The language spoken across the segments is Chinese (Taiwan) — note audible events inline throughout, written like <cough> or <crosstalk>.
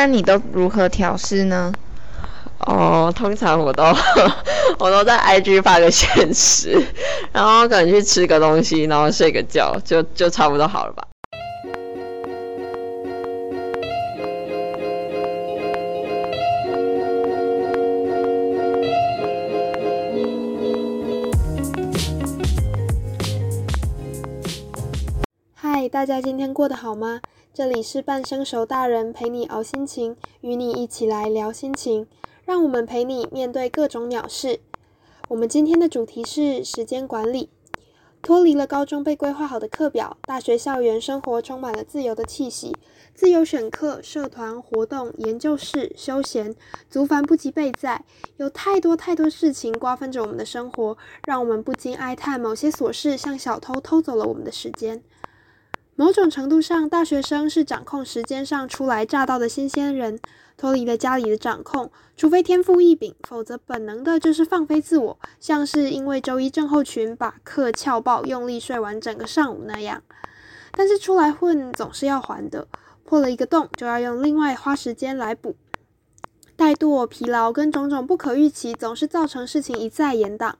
那你都如何調適呢？哦，通常我都我都在 IG 發個限時，然後可能去吃個東西，然後睡個覺，就就差不多好了吧。嗨，大家今天過得好嗎？這裡是半生熟大人陪你熬心情，與你一起來聊心情，讓我們陪你面對各種鳥事。我們今天的主題是時間管理。脫離了高中被規劃好的課表，大學校園生活充滿了自由的氣息，自由選課、社團活動、研究室、休閒，族繁不及備載，有太多太多事情瓜分着我們的生活，讓我們不禁哀嘆，某些瑣事像小偷偷走了我們的時間。某種程度上，大學生是掌控時間上初來乍到的新鮮人，脫離了家裡的掌控，除非天賦異稟，否則本能的就是放飛自我，像是因為周一症候群把課翹爆，用力睡完整個上午那樣。但是出來混總是要還的，破了一個洞就要用另外花時間來補，怠惰、疲勞跟種種不可預期，總是造成事情一再延宕。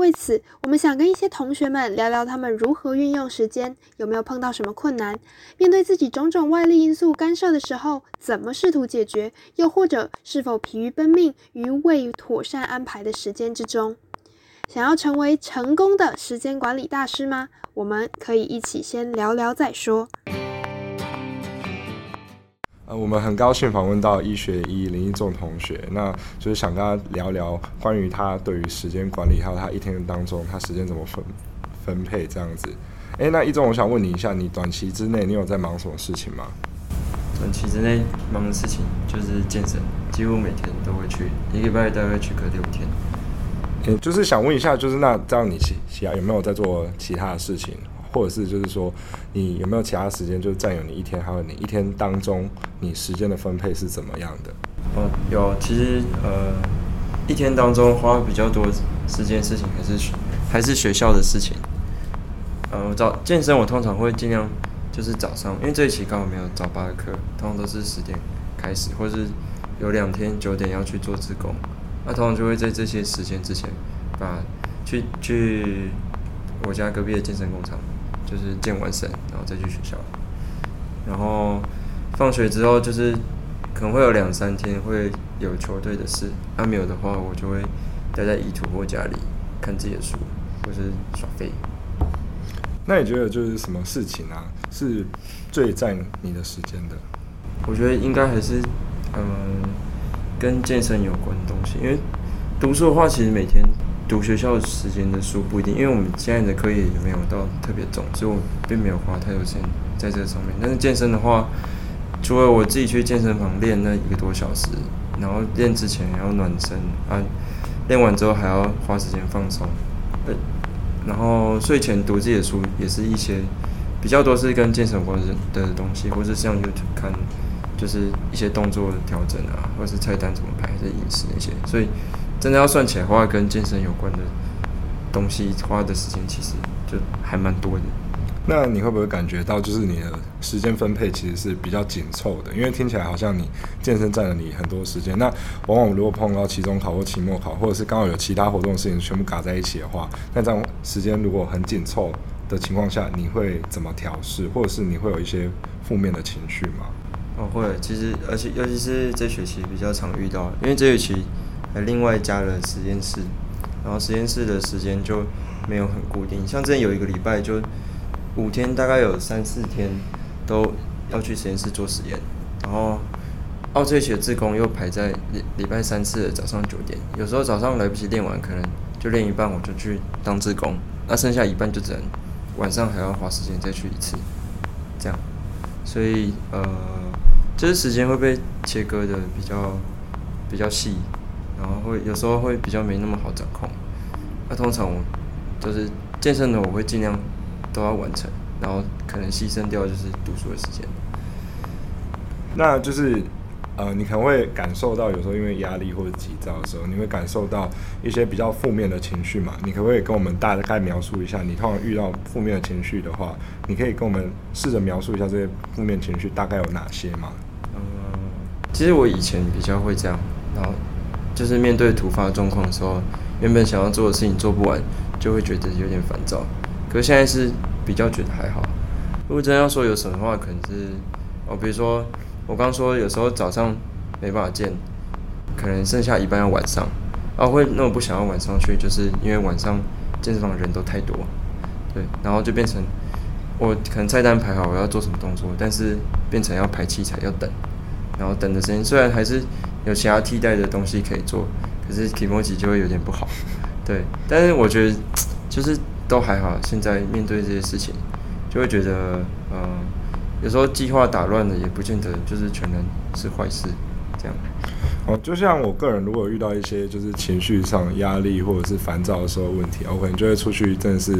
為此，我們想跟一些同學們聊聊他們如何運用時間，有沒有碰到什麼困難？面對自己種種外力因素干涉的時候，怎麼試圖解決？又或者是否疲於奔命於未妥善安排的時間之中？想要成為成功的時間管理大師嗎？我們可以一起先聊聊再說。呃，我們很高興訪問到醫學醫林一中同學，那就是想跟他聊聊關於他對於時間管理，還有他一天當中他時間怎麼分分配這樣子。哎，那一中我想問你一下，你短期之內你有在忙什麼事情嗎？短期之內忙的事情就是健身，幾乎每天都會去，一個禮拜大概去個六天。嗯，就是想問一下，就是那這樣你其其他有沒有在做其他的事情？或者是，就是說，你有沒有其他時間就占有你一天？還有你一天當中，你時間的分配是怎麼樣的？哦、嗯，有，其實呃，一天當中花比較多時間的事情還是還是學校的事情。呃、嗯，我早健身我通常會盡量就是早上，因為這一期剛好沒有早八的課，通常都是十點開始，或是有兩天九點要去做志工，那通常就會在這些時間之前把，把去去我家隔壁的健身工廠。就是健完身，然後再去學校。然後放學之後，就是可能會有兩三天會有球隊的事。那、啊、沒有的話，我就會待在醫圖或家裡看自己的書，或是耍廢。那你覺得就是什麼事情啊，是最占你的時間的？我覺得應該還是嗯、呃，跟健身有關的東西。因為讀書的話，其實每天。讀學校時間的書不一定，因為我們現在的課業也沒有到特別重，所以我並沒有花太多時間在這上面。但是健身的話，除了我自己去健身房練那一個多小時，然後練之前要暖身啊，練完之後還要花時間放鬆。呃、欸，然後睡前讀自己的書也是一些比較多是跟健身有關的東西，或者是像、YouTube、看就是一些動作調整啊，或者是菜單怎麼排，的飲食那些，所以。真的要算起來的話，跟健身有關的東西花的時間其實就還蠻多的。那你會不會感覺到，就是你的時間分配其實是比較緊湊的？因為聽起來好像你健身占了你很多時間。那往往如果碰到期中考或期末考，或者是剛好有其他活動的事情全部嘎在一起的話，那這樣時間如果很緊湊的情況下，你會怎麼調適，或者是你會有一些負面的情緒嗎？哦，會。其實，而且尤其是這學期比較常遇到，因為這學期。還另外加了實驗室，然後實驗室的時間就沒有很固定，像之前有一個禮拜就五天，大概有三四天都要去實驗室做實驗。然後奧這些志工又排在禮禮拜三次的早上九點，有時候早上來不及練完，可能就練一半，我就去當志工，那剩下一半就只能晚上還要花時間再去一次，這樣，所以呃，就是時間會被切割的比較比較細。然後會有時候會比較沒那麼好掌控，那、啊、通常我就是健身的，我會盡量都要完成，然後可能犧牲掉就是讀書的時間。那就是呃，你可能會感受到有時候因為壓力或者急躁的時候，你會感受到一些比較負面的情緒嘛？你可不可以跟我們大概描述一下，你通常遇到負面的情緒的話，你可以跟我們試着描述一下這些負面情緒大概有哪些嘛？嗯，其實我以前比較會這樣，然後。就是面對突發狀況的時候，原本想要做的事情做不完，就會覺得有點煩躁。可是現在是比較覺得還好。如果真的要說有什麼話，可能是，哦，比如說我剛說有時候早上沒辦法健，可能剩下一半要晚上。啊、哦，會那麼不想要晚上去，就是因為晚上健身房的人都太多。對，然後就變成我可能菜單排好我要做什麼動作，但是變成要排器材要等，然後等的時間雖然還是。有其他替代的東西可以做，可是體摩機就會有點不好。對，但是我覺得就是都還好。現在面對這些事情，就會覺得，嗯、呃，有時候計劃打亂了也不見得就是全然是壞事。這樣。哦，就像我個人如果遇到一些就是情緒上壓力或者是煩躁的時候問題，我可能就會出去真的是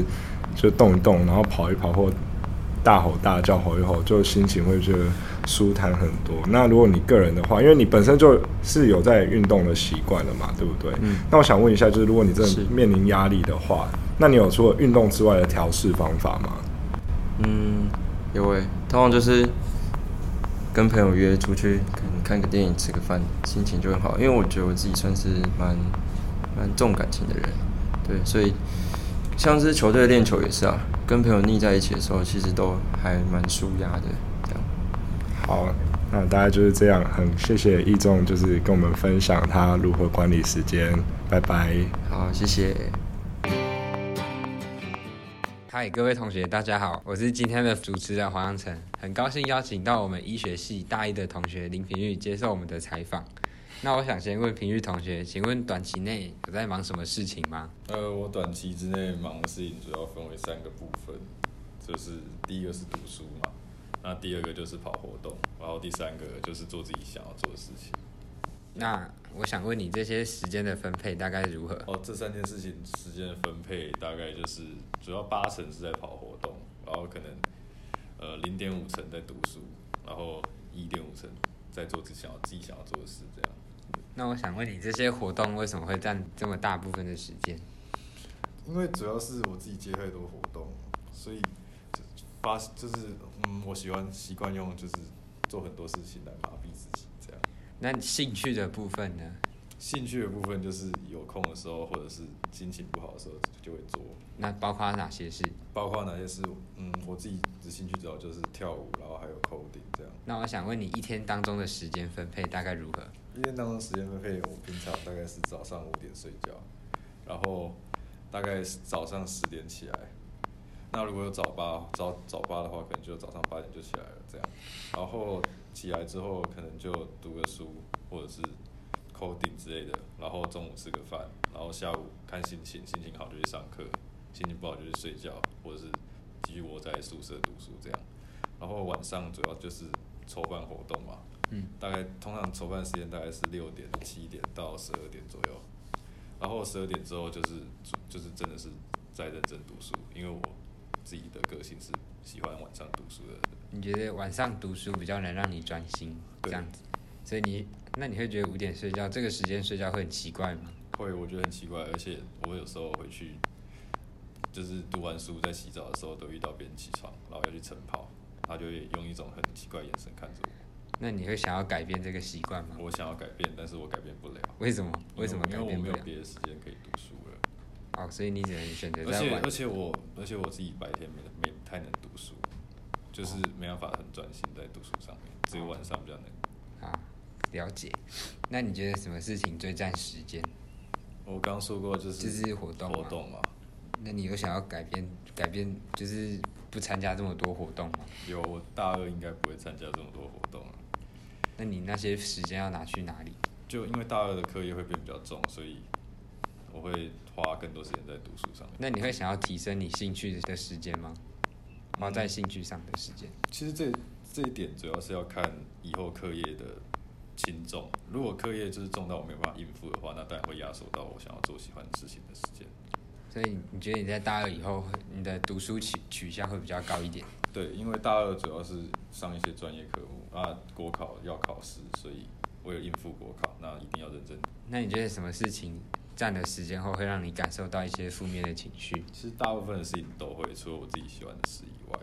就動一動，然後跑一跑，或大吼大叫吼一吼，就心情會覺得。舒坦很多。那如果你個人的話，因為你本身就是有在運動的習慣了嘛，對不對？嗯。那我想問一下，就是如果你真的是面臨壓力的話，那你有除了運動之外的調適方法嗎？嗯，有誒、欸。通常就是跟朋友約出去，可能看個電影、吃個飯，心情就很好。因為我覺得我自己算是蠻蠻重感情的人，對，所以像是球隊練球也是啊，跟朋友膩在一起的時候，其實都還蠻舒壓的。好，那大概就是這樣，很謝謝易仲，就是跟我們分享他如何管理時間，拜拜。好，謝謝。嗨，各位同學，大家好，我是今天的主持人黃陽成，很高興邀請到我們醫學系大一的同學林平玉接受我們的採訪。那我想先問平玉同學，請問短期內有在忙什麼事情嗎？呃，我短期之內忙的事情主要分為三個部分，就是第一個是讀書嘛。那第二個就是跑活動，然後第三個就是做自己想要做的事情。那我想問你，這些時間的分配大概如何？哦，這三件事情時間的分配大概就是，主要八成是在跑活動，然後可能呃零點五成在讀書，然後一點五成在做自己想要自己想要做的事這樣。那我想問你，這些活動為什麼會佔這麼大部分的時間？因為主要是我自己接太多活動，所以。發就是嗯，我喜歡習慣用就是做很多事情來麻痹自己，這樣。那興趣的部分呢？興趣的部分就是有空的時候，或者是心情不好的時候就，就會做。那包括哪些事？包括哪些事？嗯，我自己的興趣主要就是跳舞，然後還有 coding 這樣。那我想問你，一天當中的時間分配大概如何？一天當中的時間分配，我平常大概是早上五點睡覺，然後大概早上十點起來。那如果有早八早早八的話，可能就早上八點就起來了這樣，然後起來之後可能就讀個書或者是 coding 之類的，然後中午吃個飯，然後下午看心情，心情好就去上課，心情不好就去睡覺，或者是繼續窩在宿舍讀書這樣。然後晚上主要就是籌辦活動嘛，嗯，大概通常籌辦時間大概是六點、七點到十二點左右，然後十二點之後就是就是真的是在認真讀書，因為我。自己的個性是喜歡晚上讀書的人。你覺得晚上讀書比較能讓你專心，這樣子。所以你，那你會覺得五點睡覺這個時間睡覺會很奇怪嗎？會，我覺得很奇怪。而且我有時候回去，就是讀完書在洗澡的時候，都遇到別人起床，然後要去晨跑，他就會用一種很奇怪的眼神看着我。那你會想要改變這個習慣嗎？我想要改變，但是我改變不了。為什麼？為什麼改變不了？因為我沒有別的時間可以讀書。哦，所以你只能選擇在晚上。而且而且我，而且我自己白天沒沒太能讀書，就是沒辦法很專心在讀書上面，只、哦、有、這個、晚上比較能。好、啊，了解。那你覺得什麼事情最占時間？我剛說過就是就是活動活動嘛。那你有想要改變改變，就是不參加這麼多活動嗎？有，我大二應該不會參加這麼多活動了、啊。那你那些時間要拿去哪裡？就因為大二的課業會變比較重，所以。我會花更多時間在讀書上面。那你會想要提升你興趣的時間嗎？花在興趣上的時間、嗯。其實這這一點主要是要看以後課業的輕重。如果課業就是重到我沒辦法應付的話，那當然會壓縮到我想要做喜歡的事情的時間。所以你覺得你在大二以後，你的讀書取取向會比較高一點？對，因為大二主要是上一些專業課，那，國考要考試，所以我有應付國考，那一定要認真。那你覺得什麼事情？占的時間後，會讓你感受到一些負面的情緒。其實大部分的事情都會，除了我自己喜歡的事以外，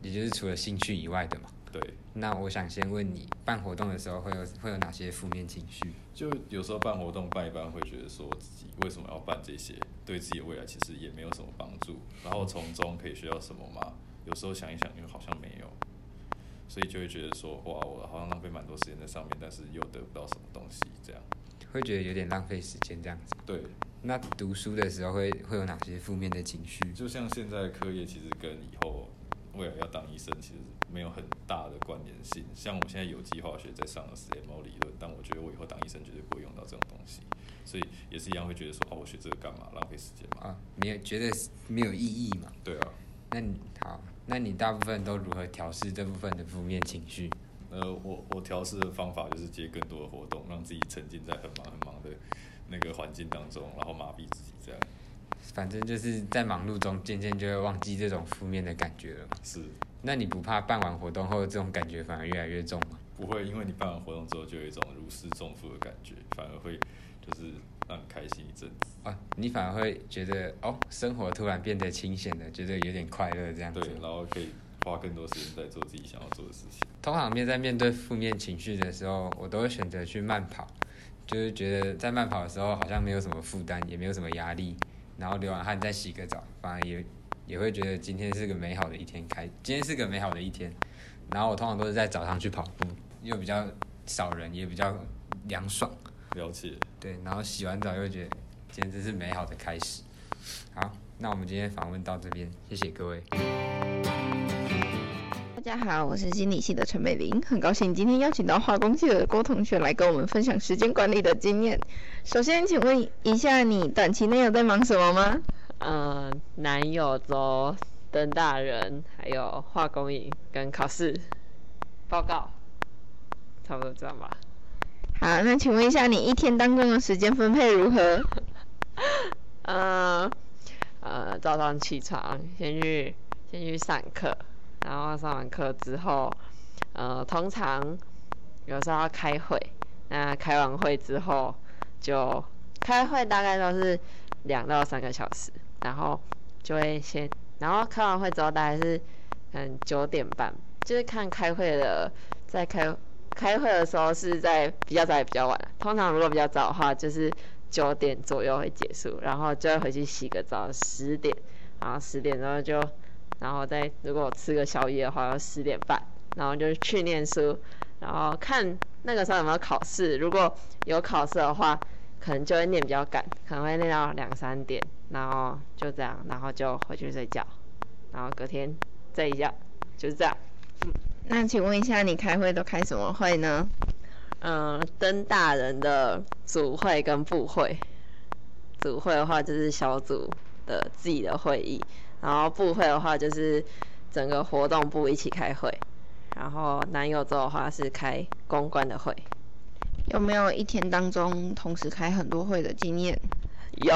也就是除了興趣以外的嘛。對。那我想先問你，辦活動的時候會有會有哪些負面情緒？就有時候辦活動辦一辦，會覺得說自己為什麼要辦這些，對自己的未來其實也沒有什麼幫助。然後從中可以學到什麼嗎？有時候想一想，又好像沒有，所以就會覺得說，哇，我好像浪費蠻多時間在上面，但是又得不到什麼東西，這樣。會覺得有點浪費時間這樣子。對，那讀書的時候會會有哪些負面的情緒？就像現在的課業其實跟以後未來要當醫生其實沒有很大的關聯性。像我現在有機化學在上的是 CMO 理論，但我覺得我以後當醫生絕對不會用到這種東西，所以也是一樣會覺得說，哦，我學這個幹嘛？浪費時間嘛。啊，你也覺得沒有意義嘛？對啊。那你好，那你大部分都如何調適這部分的負面情緒？呃，我我調適的方法就是接更多的活動，讓自己沉浸在很忙很忙的那個環境當中，然後麻痹自己這樣。反正就是在忙碌中，漸漸就會忘記這種負面的感覺了。是，那你不怕辦完活動後這種感覺反而越來越重嗎？不會，因為你辦完活動之後就有一種如釋重負的感覺，反而會就是讓你開心一陣子。啊，你反而會覺得哦，生活突然變得清閒了，覺得有點快樂這樣子。對，然後可以。花更多時間在做自己想要做的事情。通常面在面對負面情緒的時候，我都會選擇去慢跑，就是覺得在慢跑的時候好像沒有什麼負擔、嗯，也沒有什麼壓力。然後流完汗再洗個澡，反而也也會覺得今天是個美好的一天開，今天是個美好的一天。然後我通常都是在早上去跑步，又比較少人，也比較涼爽。了解。對，然後洗完澡又覺得今天真是美好的開始。好，那我們今天訪問到這邊，謝謝各位。嗯大家好，我是心理系的陳美玲，很高興今天邀請到化工系的郭同學來跟我們分享時間管理的經驗。首先，請問一下，你短期內有在忙什麼嗎？嗯、呃，男友、半生熟大人，還有化工營跟考試報告，差不多這樣吧。好，那請問一下，你一天當中的時間分配如何？嗯、 <laughs> 呃，呃，早上起床先去先去上課。然後上完課之後，呃，通常有時候要開會，那開完會之後就開會，大概都是兩到三個小時。然後就會先，然後開完會之後大概是嗯九點半，就是看開會的，在開開會的時候是在比較早也比較晚。通常如果比較早的話，就是九點左右會結束，然後就會回去洗個澡。十點，然後十點之後就。然後再如果我吃個宵夜的話，要十點半，然後就是去念書，然後看那個時候有沒有考試，如果有考試的話，可能就會念比較趕，可能會念到兩三點，然後就這樣，然後就回去睡覺，然後隔天再一覺，就是這樣。那請問一下，你開會都開什麼會呢？嗯，登大人的組會跟部會，組會的話就是小組的自己的會議。然後部會的話，就是整個活動部一起開會。然後男友做的話是開公關的會。有沒有一天當中同時開很多會的經驗？有，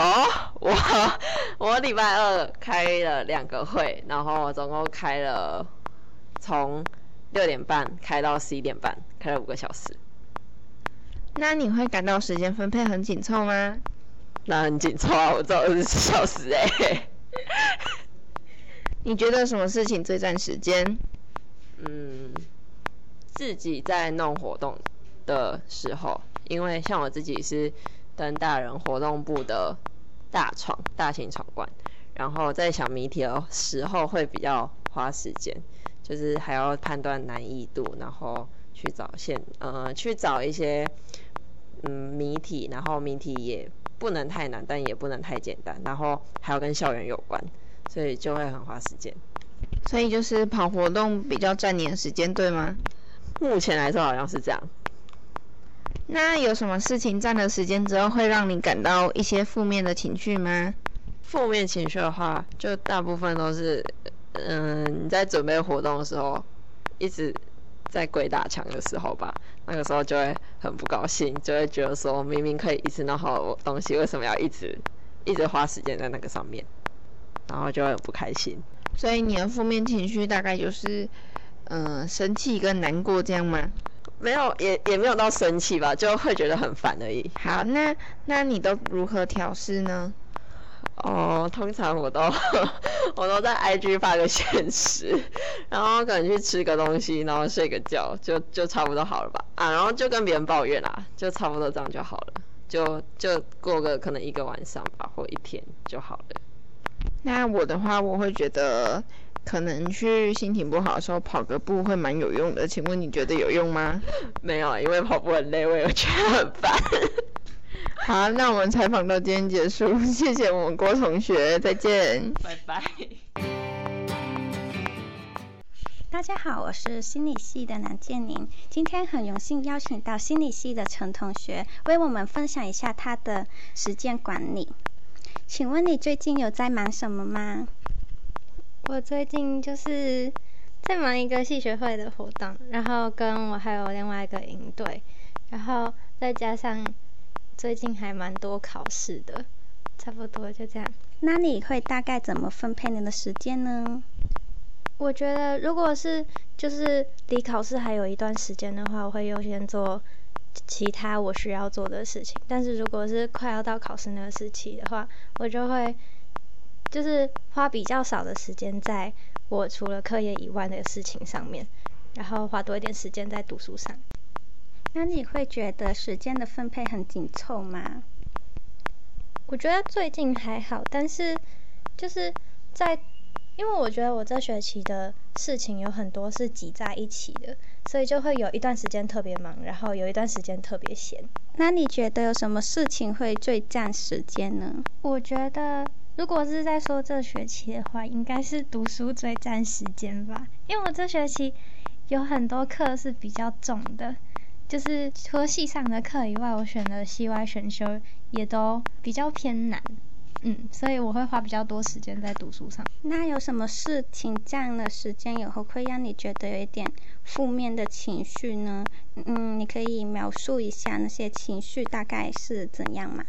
我我禮拜二開了兩個會，然後我總共開了從六點半開到十一點半，開了五個小時。那你會感到時間分配很緊湊嗎？那很緊湊啊，我只有二十四小時哎、欸。 <laughs> 你覺得什麼事情最佔時間，嗯，自己在弄活動的時候，因為像我自己是登大人活動部的大闖，大型闖關，然後在想謎題的時候會比較花時間，就是還要判斷難易度，然後去找線呃去找一些嗯謎題，然後謎題也不能太難，但也不能太簡單，然後還要跟校園有關。所以就會很花時間，所以就是跑活動比較占你的時間，對嗎？目前來說好像是這樣。那有什麼事情占了時間之後會讓你感到一些負面的情緒嗎？負面情緒的話，就大部分都是，嗯，你在準備活動的時候，一直在鬼打牆的時候吧，那個時候就會很不高興，就會覺得說，明明可以一次弄好的東西，為什麼要一直一直花時間在那個上面？然後就會很不開心。所以你的負面情緒大概就是，嗯、呃，生氣跟難過這樣嗎？沒有，也也沒有到生氣吧，就會覺得很煩而已。好，那那你都如何調適呢？哦，通常我都呵呵，我都在 IG 發個限時，然後可能去吃個東西，然後睡個覺，就就差不多好了吧。啊，然後就跟別人抱怨啦，就差不多這樣就好了，就就過個可能一個晚上吧，或一天就好了。那我的話，我會覺得可能去心情不好的時候跑個步會蠻有用的。請問你覺得有用嗎？沒有，因為跑步很累，我也覺得很煩。 <laughs> 好，那我們採訪到今天結束，謝謝我們郭同學，再見。拜拜。大家好，我是心理系的南建寧，今天很榮幸邀請到心理系的陳同學為我們分享一下他的時間管理。請問你最近有在忙什麼嗎？我最近就是在忙一個系學會的活動，然後跟我還有另外一個營隊，然後再加上最近還蠻多考試的，差不多就這樣。那你會大概怎麼分配你的時間呢？我覺得如果是就是離考試還有一段時間的話，我會優先做。其他我需要做的事情，但是如果是快要到考試那個時期的話，我就會就是花比較少的時間在我除了課業以外的事情上面，然後花多一點時間在讀書上。那你會覺得時間的分配很緊湊嗎？我覺得最近還好，但是就是在。因為我覺得我這學期的事情有很多是擠在一起的，所以就會有一段時間特別忙，然後有一段時間特別閒。那你覺得有什麼事情會最佔時間呢？我覺得如果是在說這學期的話，應該是讀書最佔時間吧。因為我這學期有很多課是比較重的，就是除了系上的課以外，我選的系外選修也都比較偏難。嗯，所以我會花比較多時間在讀書上。那有什麼事情這樣的時間以後會讓你覺得有一點負面的情緒呢？嗯，你可以描述一下那些情緒大概是怎樣嘛？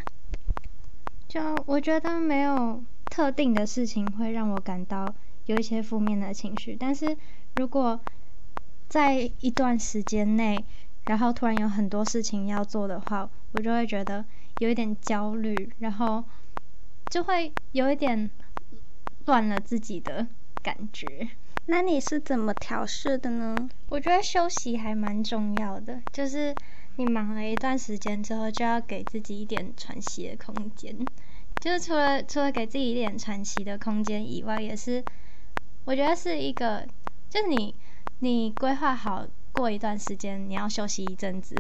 就我覺得沒有特定的事情會讓我感到有一些負面的情緒，但是如果在一段時間內，然後突然有很多事情要做的話，我就會覺得有一點焦慮，然後。就會有一點亂了自己的感覺。那你是怎麼調適的呢？我覺得休息還蠻重要的，就是你忙了一段時間之後，就要給自己一點喘息的空間。就是除了除了給自己一點喘息的空間以外，也是我覺得是一個，就是你你規劃好過一段時間你要休息一陣子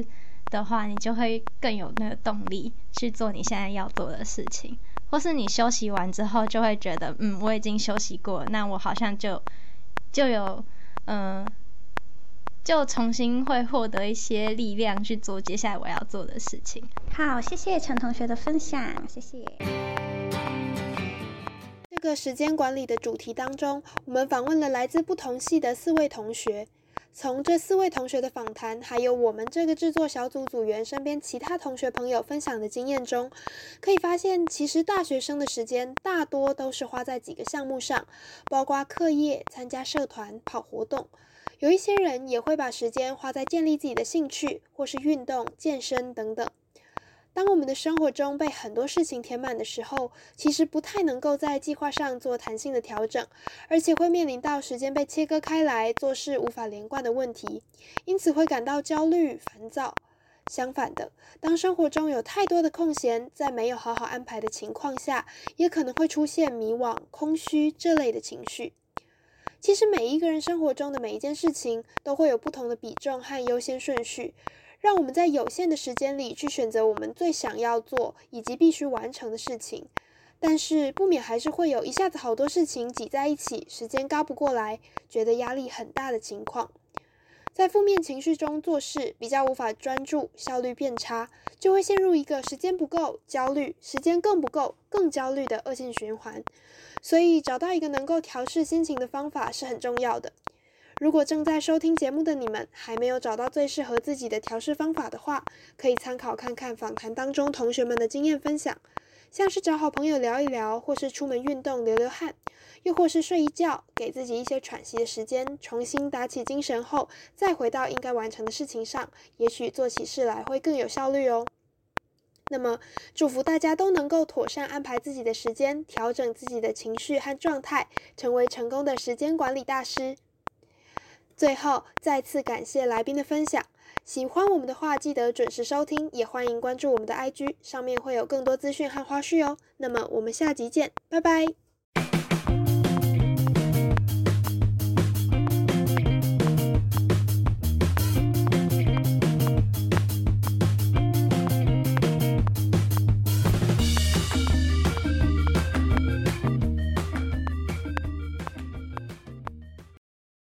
的話，你就會更有那個動力去做你現在要做的事情。或是你休息完之後，就會覺得，嗯，我已經休息過，那我好像就就有，嗯、呃，就重新會獲得一些力量去做接下來我要做的事情。好，謝謝陳同學的分享，謝謝。這個時間管理的主題當中，我們訪問了來自不同系的四位同學。從這四位同學的訪談，還有我們這個制作小組組員身邊其他同學朋友分享的經驗中，可以發現，其實大學生的時間大多都是花在幾個項目上，包括課業、參加社團、跑活動。有一些人也會把時間花在建立自己的興趣，或是運動、健身等等。當我們的生活中被很多事情填滿的時候，其實不太能夠在計劃上做彈性的調整，而且會面臨到時間被切割開來、做事無法連貫的問題，因此會感到焦慮、煩躁。相反的，當生活中有太多的空閒，在沒有好好安排的情況下，也可能會出現迷惘、空虛這類的情緒。其實每一個人生活中的每一件事情，都會有不同的比重和優先順序。讓我們在有限的時間裡去選擇我們最想要做以及必須完成的事情，但是不免還是會有一下子好多事情擠在一起，時間搞不過來，覺得壓力很大的情況。在負面情緒中做事比較無法專注，效率變差，就會陷入一個時間不夠焦慮，時間更不夠更焦慮的惡性循環。所以，找到一個能夠調適心情的方法是很重要的。如果正在收聽節目的你們還沒有找到最適合自己的調試方法的話，可以參考看看訪談當中同學們的經驗分享，像是找好朋友聊一聊，或是出門運動流流汗，又或是睡一覺，給自己一些喘息的時間，重新打起精神後再回到應該完成的事情上，也許做起事來會更有效率哦。那麼，祝福大家都能夠妥善安排自己的時間，調整自己的情緒和狀態，成為成功的時間管理大師。最後，再次感謝來賓的分享。喜歡我們的話，記得準時收聽，也歡迎關注我們的 IG，上面會有更多資訊和花絮哦。那麼，我們下集見，拜拜。